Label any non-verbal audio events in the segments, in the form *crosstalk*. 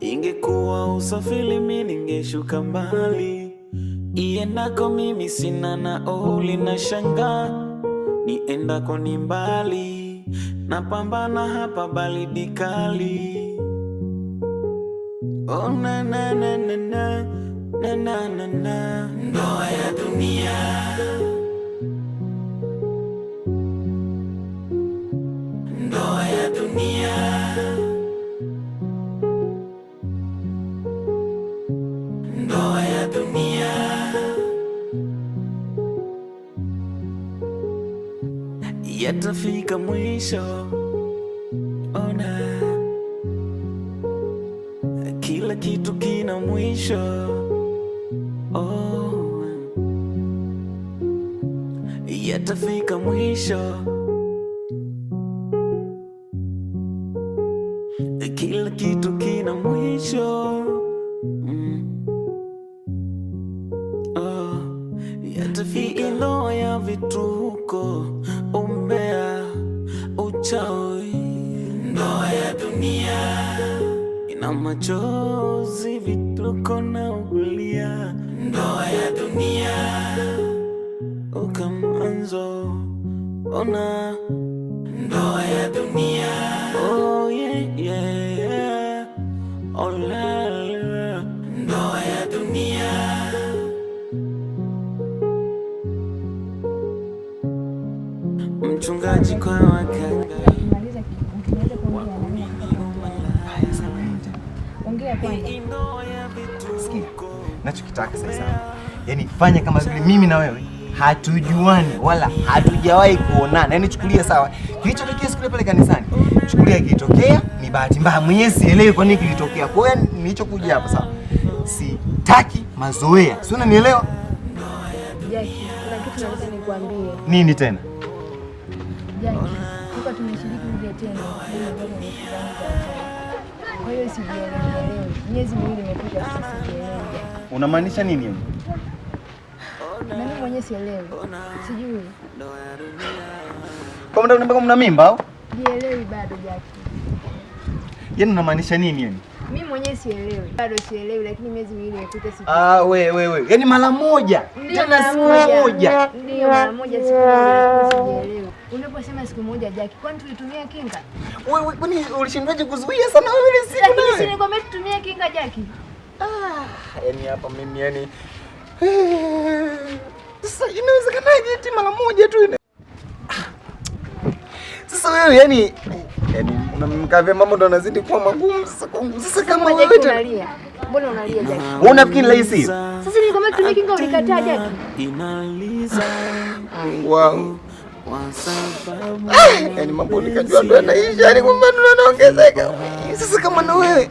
Ingekuwa usafiri mi ningeshuka mbali, iendako mimi sina nauli, na shanga niendako ni mbali, napambana hapa baridi kali oh, na na. yatafika mwisho. Ona, kila kitu kina mwisho. Oh, yatafika mwisho. unaugulia ndoa ya dunia ukamwanzo ona ndoa ya dunia oh, yeah, yeah. Olala oh, ndoa ya dunia mchungaji kwa unachokitaka sasa. Yaani fanya kama vile mimi na wewe hatujuani wala hatujawahi kuonana. Yaani chukulia sawa. Kilichotokea siku ile pale kanisani, chukulia kilitokea ni bahati mbaya. Mwenyewe sielewi kwa nini kilitokea. Kwa hiyo yaani, nilichokuja hapa sawa. Sitaki mazoea. Si unanielewa? Jackie, kuna kitu nataka nikuambie. Nini tena? Jackie, tuko tumeshiriki nje tena. Kwa hiyo sijielewi. Miezi miwili imepita sasa sijielewi. Unamaanisha nini? Mimi mwenyewe sielewi. Sijui. Kwa muda unaniambia mna mimba au? Sielewi bado Jackie. Yaani unamaanisha nini yani? Mimi mwenyewe sielewi. Bado sielewi lakini miezi miwili imepita siku. Ah, we we we. Yaani mara moja. Tena siku moja. Ndio mara moja siku moja. Sielewi. Unaposema siku moja Jackie, kwani tulitumia kinga? Wewe kwani ulishindaje kuzuia sana wewe ile siku? Lakini si nikwambia tutumie kinga Jackie. Ah yani hapa mimi yani eh, sasa inawezekanaje eti mara moja tu ina... Sasa wewe yani yani unamkavia mambo ndo anazidi kuwa magumu sasa kwangu. Sasa kama wewe unalia. Mbona unalia Wewe unafikiri rahisi? Sasa nilikwambia tumie kinga ulikataa Jackie. Inaliza. Mungu wangu. Ah, yaani mambo nikajua ndo yanaisha, yani kwamba ndo yanaongezeka. Sasa kama na wewe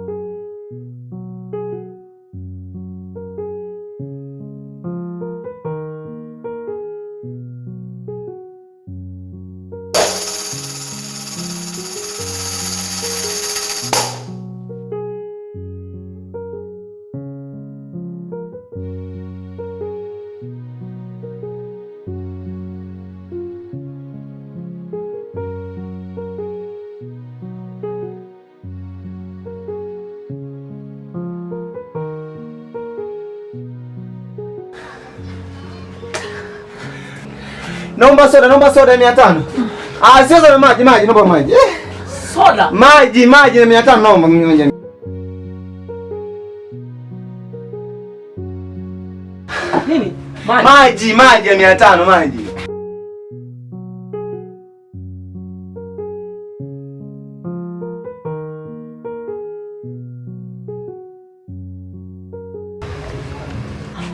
Naomba soda, naomba soda mia tano. Ah, sio soda, maji, maji, naomba maji. Eh. Soda. Maji, maji na mia tano naomba mmoja. Maji, maji ya mia tano, maji.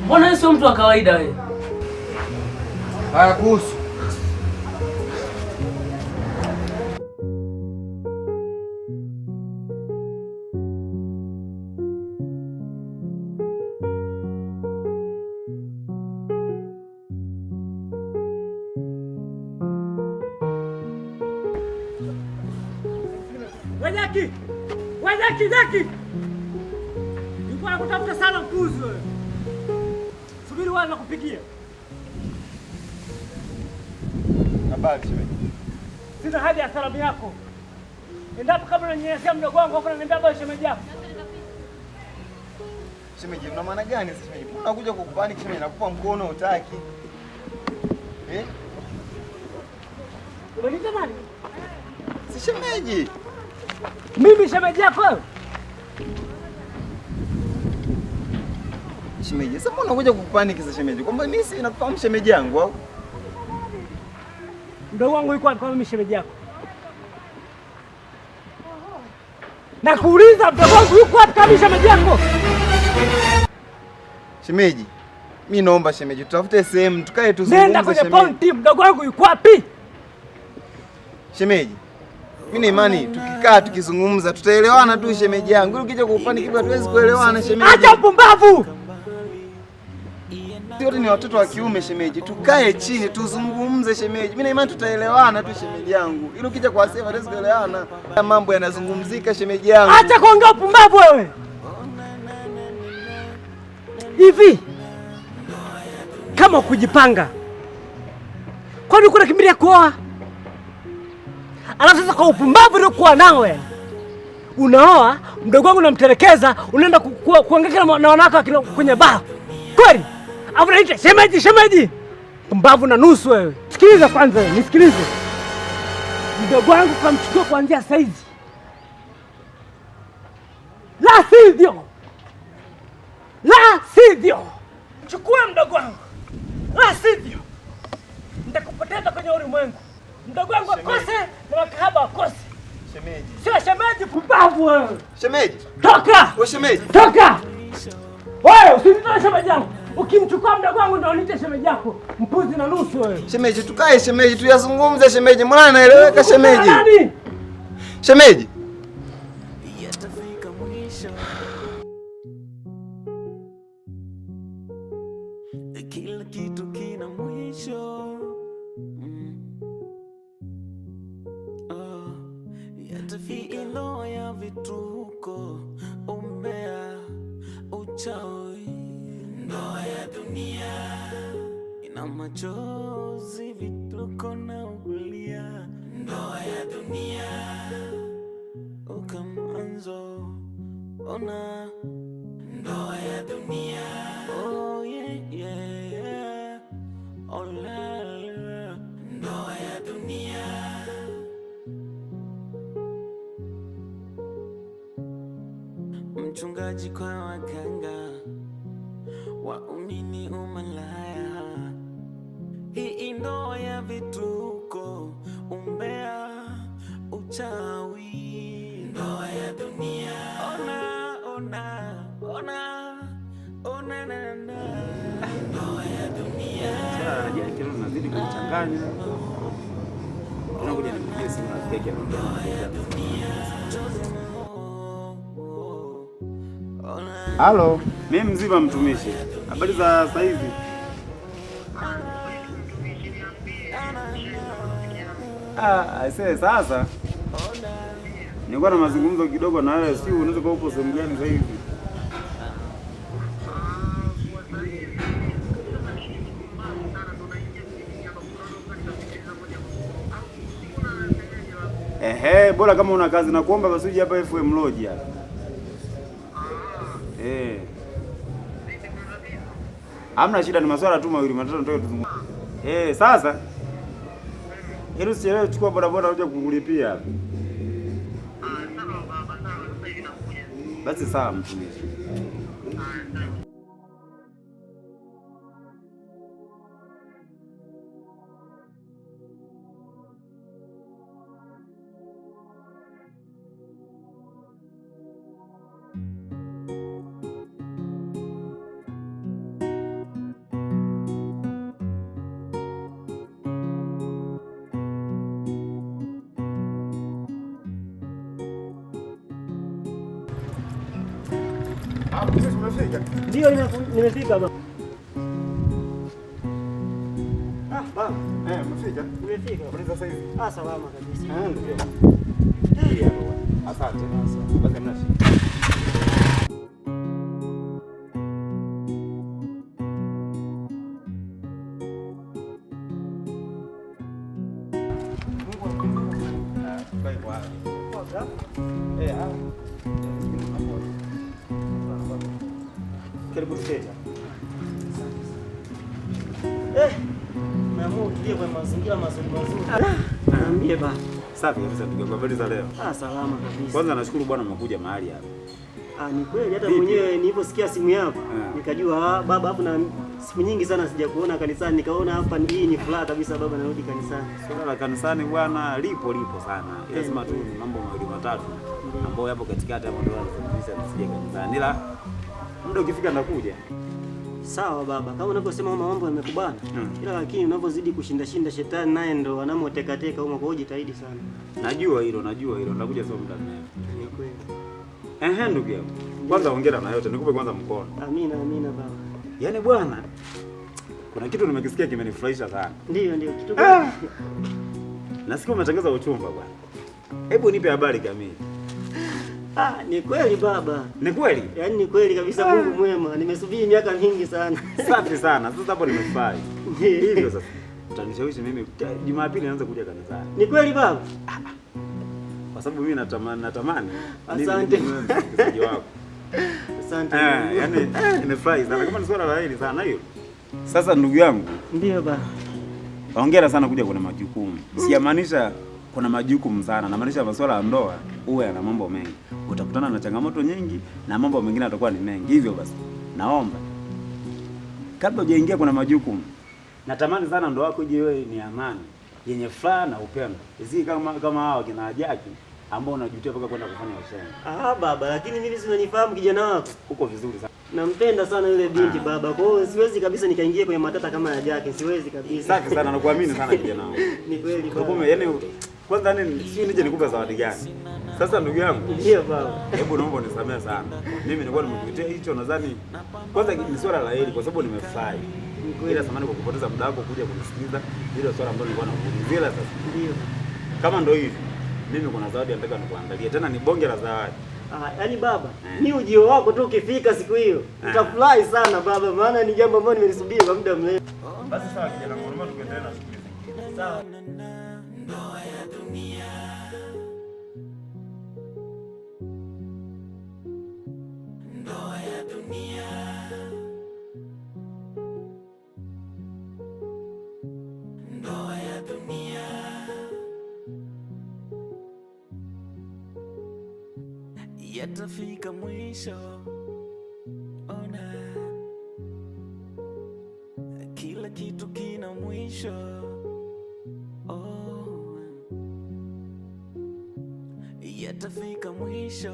Mbona sio mtu wa kawaida wewe? Haya kuhusu Wezaki, Wezaki, Zaki nilikuwa nakutafuta sana mpuzi wewe. Subiri wana kupigia. Habari shemeji. Sina haja ya salamu yako, endapo kama unanyenyesea mdogo wangu hapo unaniambia bado shemeji yako. Shemeji, una maana gani sasa shemeji? Mbona unakuja kukubani shemeji, nakupa mkono utaki? Eh? Wewe Si shemeji. Mimi shemeji yako shemeji. Sasa mbona unakuja kukupanikisa shemeji? Kwamba mimi si nakufahamu shemeji yangu au? Mdogo wangu yuko wapi kama mimi shemeji yako? Nakuuliza mdogo wangu yuko wapi mimi shemeji yangu? Shemeji, mimi naomba shemeji, tutafute sehemu tukae tuzungumze shemeji. Nenda kwenye point, mdogo wangu yuko wapi? Shemeji mimi na imani tukikaa tukizungumza tutaelewana tu shemeji yangu. Ukija kufanikiwa hatuwezi kuelewana shemeji. Acha upumbavu. Wote ni watoto wa kiume shemeji, tukae chini tuzungumze shemeji. Mimi na imani tutaelewana tu shemeji yangu, ili ukija kwa sema hatuwezi kuelewana. Mambo yanazungumzika shemeji yangu. Acha kuongea upumbavu wewe. Hivi kama kujipanga kwani kuna kimbilia kuoa? Alafu sasa kwa upumbavu uliokuwa nao wewe unaoa mdogo wangu unamterekeza unaenda kuongea na wanawake kwenye baa kweli? Afu naita shemeji, shemeji, pumbavu na nusu wewe. Sikiliza kwanza, nisikilize. Mdogo wangu kamchukua kuanzia saizi, la sivyo, la sivyo, chukua mdogo wangu, la sivyo nitakupoteza kwenye ulimwengu. Mdogo wangu akose na wakahaba akose. Shemeji. Sio shemeji pumbavu wewe. Shemeji. Toka. Wewe shemeji. Toka. Wewe usinitoe shemeji yangu. Ukimchukua mdogo wangu ndio unite shemeji yako. Mpuzi na nusu wewe. Shemeji tukae shemeji tuyazungumze shemeji. Mbona anaeleweka shemeji? Shemeji. mchungaji kwa waganga, waumini umalaya. Hii ndoa ya vituko, umbea, uchawi, ndoa ya dunia. Ona, ona, ona, ona, na, na. Ndoa ya dunia nazidi kumchanganya nakuja Halo, mimi mzima mtumishi. Habari za sasa hivi? Ah, aisee sasa. Nilikuwa na mazungumzo kidogo na wewe, si unaweza kuwa upo sehemu gani sasa hivi? Ehe, bora kama una kazi na kuomba basi uje hapa FM Lodge hapa eh, hamna shida, ni maswala tu mawili matatu nataka tuzungumze. Eh, sasa hilo sielewe, chukua bodaboda uje kukulipia. Ah, Basi sawa mtumishi. Ndio nimefika baba. Ah, baba. Eh, umefika? Umefika. Uliza sasa hivi. Ah, salama kabisa. Ah, ndio. Asante. Asante. Basi mnashika. Mungu akubariki. Ah, bye bye. Poa. Eh, ah. Karibuni mteja. Eh, mazingira mazuri mazuri. habari za leo. Ah, salama kabisa. Kwanza nashukuru bwana umekuja mahali hapa. Ah, ni kweli hata mwenyewe niliposikia simu yako eh. nikajua ah, baba hapo na siku nyingi sana sijakuona kanisani, nikaona hapa hii ni furaha kabisa, baba narudi kanisani. Swala la kanisani bwana lipo lipo sana, lazima tu eh. mambo mawili matatu ambayo yapo katikati hapo ndio yanazungumzia nisije kanisani ila muda ukifika nakuja. Sawa baba, kama unavyosema mambo yamekubana, hmm. Ila lakini unavyozidi kushinda shinda, shetani naye ndo anamoteka teka huko, kwa hiyo jitahidi sana. Najua hilo, najua hilo, nitakuja sio muda mrefu. Ni kweli. Ehe, ndugu yangu, kwanza hongera na yote, nikupe kwanza mkono. Amina, amina baba. Yaani bwana, kuna kitu nimekisikia kimenifurahisha sana. Ndio, ndio kitu ah! gani? Ah. Nasikia umetangaza uchumba bwana. Hebu nipe habari kamili. Ah, ni kweli baba. Ni kweli? Yaani ni kweli kabisa ah. Mungu mwema. Nimesubiri miaka mingi sana. Safi sana. Sasa hapo nimefurahi. Hivyo sasa. Utanishawishi mimi Jumapili naanza kuja kanisani. Ni kweli baba? Ah. ah. Kwa sababu mimi natamani natamani. Asante. Msikilizaji wako. Asante. Eh, yaani eh, nimefurahi sana. Kama ni swala la hili sana hiyo. Sasa ndugu yangu. Ndio baba. Hongera sana kuja kuna majukumu. Mm. Sijamaanisha kuna majukumu sana, namaanisha masuala ya ndoa huwa yana mambo mengi, utakutana na changamoto nyingi na mambo mengine yatakuwa ni mengi. Hivyo basi, naomba kabla hujaingia kuna majukumu, natamani sana ndoa yako ije wewe ni amani yenye furaha na upendo, si kama kama hao kina Jaki ambao unajutia mpaka kwenda kufanya ushenzi. Ah baba, lakini mimi sinanifahamu kijana wako uko vizuri sana nampenda sana yule binti ah. baba, kwa hiyo siwezi kabisa nikaingia kwenye matata kama ya Jaki, siwezi kabisa. Asante sana, nakuamini sana *laughs* kijana wangu. Ni kweli Kwa hiyo yani kwanza nini, sio nije nikupe zawadi gani? Sasa ndugu yangu, ndio baba, hebu naomba unisamehe sana, mimi nilikuwa nimekuitia hicho, nadhani kwanza ni swala la heri, kwa sababu nimefurahi ila samani kwa kupoteza muda wako kuja kunisikiliza ile swala ambayo nilikuwa nakuulizia. Sasa ndio kama ndio hivi, mimi kuna zawadi nataka nikuandalie, tena ni bonge la zawadi. Ah, yani baba, eh. ni ujio wako tu ukifika siku hiyo eh. utafurahi sana baba, maana ni jambo ambalo nimelisubiri kwa muda mrefu. Basi sawa, kijana, tuendelee na shughuli zingine. Sawa. tunafika mwisho, ona kila kitu kina mwisho oh. Yatafika mwisho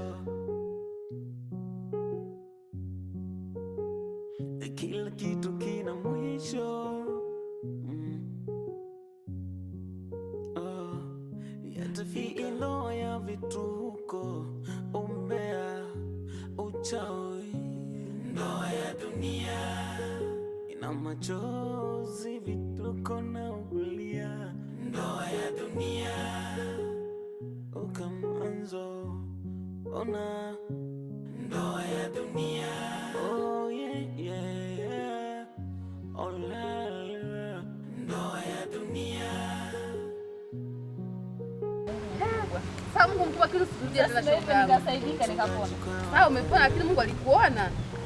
kukupa kitu sikurudia tena shoga. Nikasaidika nikapona. Sasa umepona ah, lakini Mungu alikuona.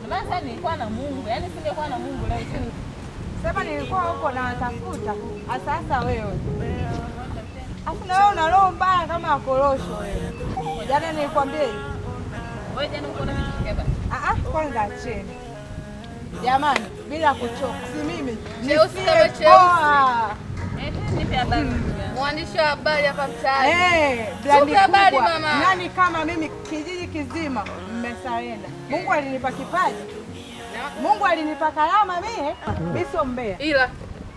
Na maana sasa nilikuwa na Mungu. Yaani singekuwa na Mungu leo sini. nilikuwa huko na watafuta. Ah, sasa wewe. Asina wewe una roho mbaya kama akorosho wewe. Jana yaani nilikwambia hivi. Wewe jana uko na vitu kibaya. Ah ah, kwanza acheni. Jamani, bila kuchoka. Si mimi. Ni usiwe cheusi. Mwandishi wa habari hapa mtaani. Eh, brandi kubwa. Nani kama mimi kijiji kizima mmesaenda. Mungu alinipa kipaji. Mungu alinipa karama mimi. Mimi sio mbea. Ila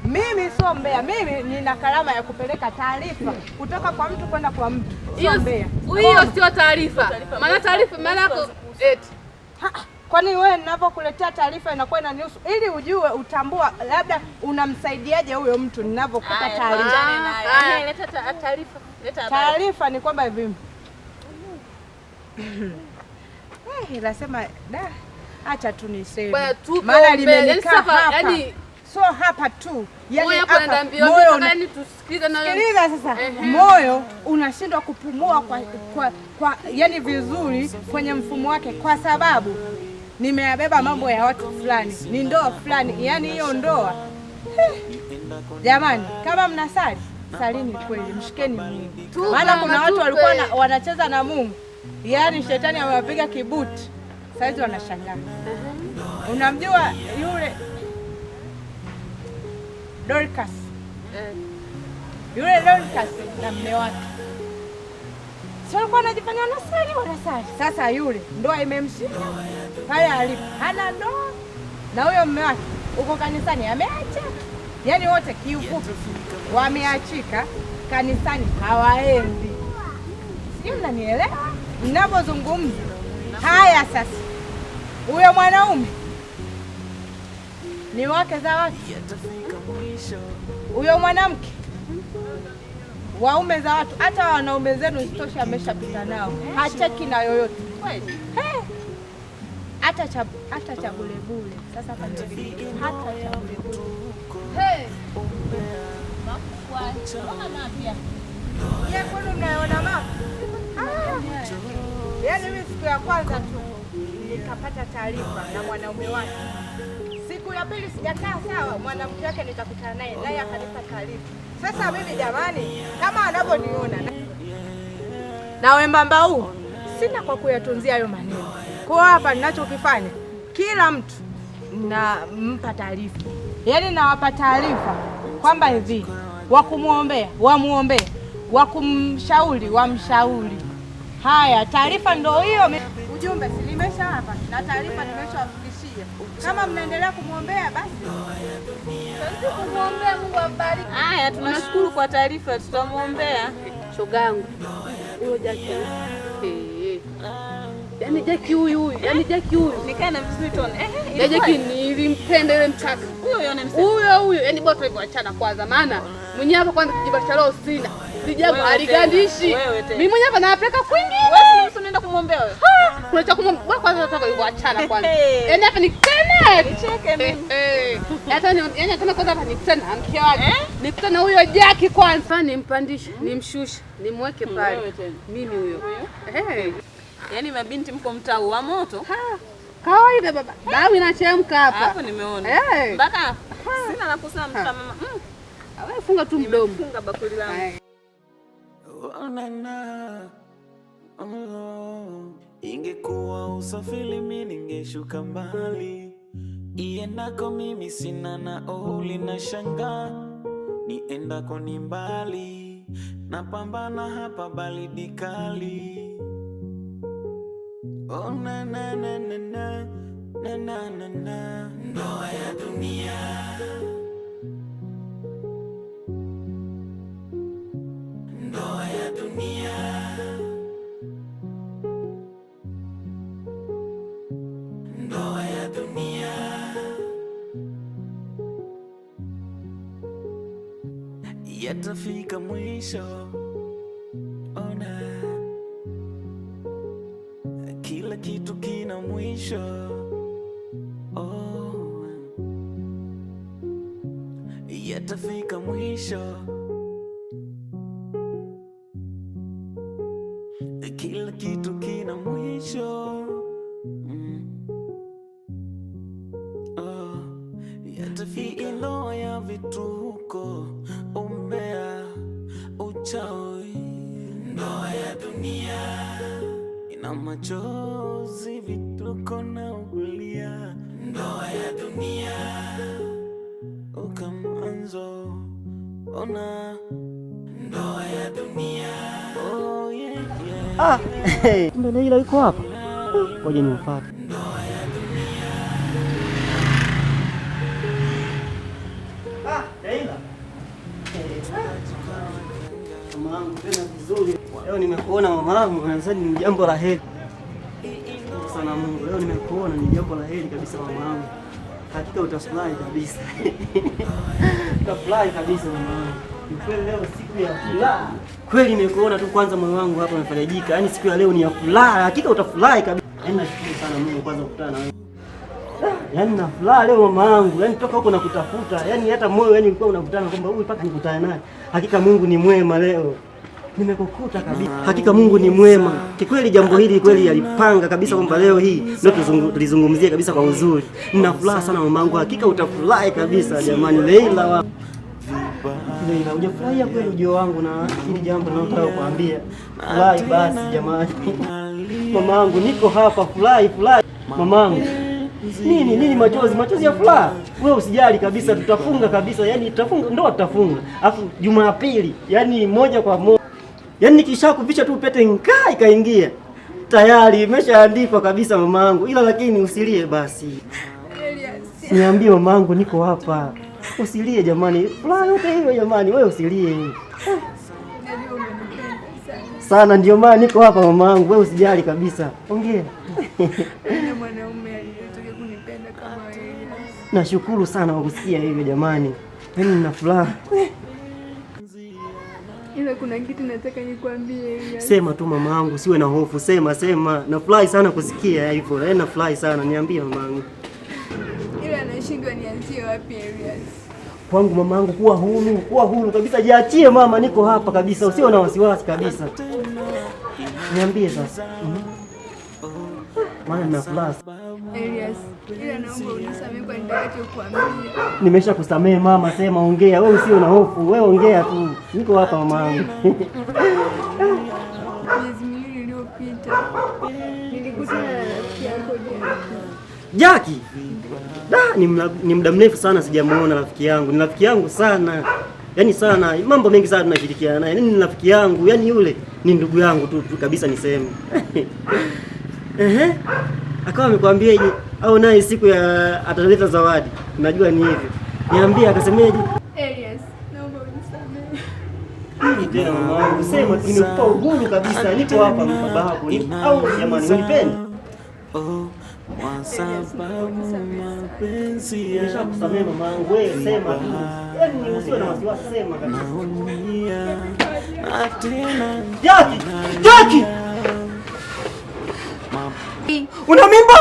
mimi sio mbea. Mimi nina karama ya kupeleka taarifa kutoka kwa mtu kwenda kwa mtu. Sio mbea. Hiyo sio taarifa. Maana taarifa maana yako eti. Eh. Kwani wewe ninavyokuletea taarifa inakuwa inanihusu, ili ujue, utambua labda unamsaidiaje huyo mtu ninavyokupa taarifa. Taarifa ni kwamba hivi eh, nasema da, acha tu niseme, maana limenikaa yaani hapa yaani so hapa tu yani hapa moyo una... sikiliza sasa uh-huh. Moyo unashindwa kupumua kwa, kwa, kwa yani vizuri kwenye mfumo wake kwa sababu nimeyabeba mambo ya watu fulani, ni ndoa fulani, yaani hiyo ndoa jamani, kama mnasali salini kweli, mshikeni Mungu, maana kuna watu walikuwa wanacheza na Mungu, yaani shetani amewapiga kibuti, saizi wanashangaa. Uh-huh. Unamjua yule Dorcas, eh. yule Dorcas na mme wake si walikuwa wanajifanya wanasali, wanasali. Sasa yule ndoa imemshika pale alipo hana ndoa na huyo mume wake uko kanisani ameacha, yaani wote kiufupi wameachika kanisani, hawaendi. Sijui mnanielewa ninapozungumza. haya. Sasa huyo mwanaume ni wake za wake, huyo mwanamke waume za watu. Hata wanaume zenu Isitoshe ameshapita nao, hacheki na yoyote. kweli hata cha hata cha bure bure. Sasa hapa hata cha bure bure. Hey. Yeye kwani unaona mama? Ah. Yaani mimi siku ya kwanza tu nikapata taarifa na mwanaume wake. Siku ya pili sijakaa sawa, mwanamke wake nitakutana naye naye akanipa taarifa. Sasa mimi jamani, kama anavyoniona na wembamba huu sina kwa kuyatunzia hayo maneno. Kwa hapa ninachokifanya kila mtu nampa taarifa, yaani nawapa taarifa kwamba hivi wa kumwombea wamwombee, wa kumshauri wamshauri. Haya, taarifa ndo hiyo, ujumbe silimesha hapa na taarifa nimeshawafikishia. Kama mnaendelea kumwombea basi kumwombea, Mungu ambariki. Haya, tunashukuru kwa taarifa, tutamwombea shogangu huyo Yaani Jackie huyu huyu. Yaani Jackie huyu. Nikae na Mswiton. Eh, Jackie nilimpenda yule mtaka. Huyo huyo anamsema. Huyo huyo. Yaani bora hivyo achana kwanza maana mwenyewe hapa kwanza kijiba cha roho sina. Sijabu aligandishi. Mimi mwenyewe hapa napeleka kwingine. Wewe msu unaenda kumwombea wewe. Kuna cha kumwombea. Bora kwanza nataka hivyo achana kwanza. Yaani hapa nikutane. Nicheke mimi. Hata ni yaani hata kwanza hapa nikutane na mke wake. Eh? Nikutane na huyo Jackie kwanza. Nimpandishe, nimshushe, nimweke pale. Mimi huyo. Eh. Yaani mabinti mko mtau wa moto ha. Kawaida baba damu inachemka hapa. Hapo nimeona hey. Mpaka sina la kusema mtoto mama mm. Awe funga tu mdomo. Funga bakuli langu. Oh, Oh, na na. Ingekuwa usafiri mimi ningeshuka mbali, iendako mimi sina nauli, na shanga niendako ni mbali, napambana hapa baridi kali Oh, na, na, na, na, na, na, na, na, na. Ndoa ya dunia ndoa ya dunia ndoa ya dunia yatafika mwisho maisha oh, yatafika mwisho. Kila kitu kina mwisho mm. oh, yatafika ilo ya vituko, umbea, uchawi na machozi, vituko na ugulia, ndoa ya dunia uka oh, mwanzo ona, ndoa ya dunia oh, yeah, yeah. Ah, hey, *laughs* kumbe Leila yuko hapa, ngoja nimfuate. Ah, Leila, hey, eh, ah. Mama, tena vizuri Leo nimekuona mama yangu kanisa ni jambo la heri. Sana Mungu. Leo nimekuona ni jambo la heri kabisa mama yangu. Hakika utafurahi kabisa. *laughs* Utafurahi kabisa mama yangu. Kweli leo siku ya furaha. Kweli nimekuona tu kwanza moyo wangu hapa umefarijika. Yaani siku ya leo ni ya furaha. Hakika utafurahi kabisa. Yaani nashukuru sana Mungu kwanza kukutana na wewe. Yaani na furaha leo mama yangu. Yaani toka huko nakutafuta. Yaani hata moyo yani ulikuwa unakutana kwamba huyu mpaka nikutane naye. Hakika Mungu ni mwema leo nimekukuta kabisa. Hakika Mungu ni mwema kikweli. Jambo hili kweli alipanga kabisa kwamba leo hii ndio tulizungumzie kabisa kwa uzuri. Nina furaha sana mamangu, hakika utafurahi kabisa jamani. Leila wa Leila, hujafurahia kweli ujio wangu na hili jambo ninalotaka kukuambia? Furahi basi jamani. *laughs* Mamangu niko hapa, furahi furahi mamangu. Nini nini, machozi machozi ya furaha. Wewe usijali kabisa, tutafunga kabisa, yani tutafunga, ndoa tutafunga, afu Jumapili, yani moja kwa moja Yaani nikisha kuficha tu pete nkaa ikaingia. Tayari imeshaandikwa kabisa mamangu. Ila lakini usilie basi. Niambie mamangu niko hapa. Usilie jamani. Furaha yote hiyo jamani, wewe usilie. Sana ndio maana niko hapa mamangu, wewe usijali kabisa. Ongea. Nashukuru sana kwa kusikia hivyo jamani. Yaani nina furaha. Ila kuna kitu nataka nikwambie. Sema tu mamangu, siwe na hofu, sema sema. Nafurahi sana kusikia hivyo. Eh, nafurahi sana. Niambie mamangu. Ila anashindwa nianzie wapi Elias. Kwangu mamangu, kuwa huru, kuwa huru kabisa. Jiachie mama, niko hapa kabisa. Usiwe na wasiwasi kabisa. Niambie sasa. Mm -hmm. Nimesha kusamehe mama, sema ongea wewe, usio na hofu wewe, ongea tu, niko hapa mamaangu. Jaki *laughs* ni muda mrefu sana sijamuona rafiki yangu, ni rafiki yangu sana yaani sana, mambo mengi sana tunashirikiana naye, yaani ni rafiki yangu, yaani yule ni ndugu yangu tu kabisa, niseme *laughs* ehe, akawa amekwambia au naye siku ya ataleta zawadi, najua ni hivyo. Niambie akasemeje? Elias, naomba unisamehe. Hili tena sema nimekupa ugumu kabisa, niko hapa sababu au jamani, unipende? Nimeshakusamehe mamangu, wewe sema yaani na wasiwasi, sema kabisa. Una mimba?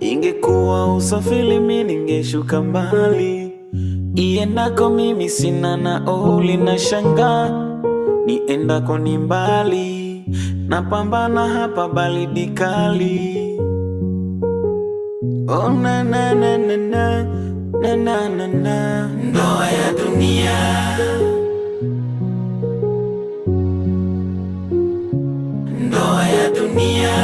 Ingekuwa usafiri mimi ningeshuka mbali, iendako mimi sina nauli, na shangaa niendako ni mbali, napambana hapa baridi kali Oh, na na ndoa ya dunia ndoa ya dunia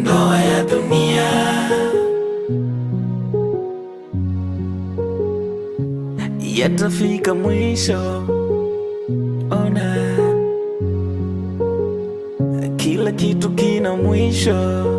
ndoa ya dunia yatafika mwisho Show.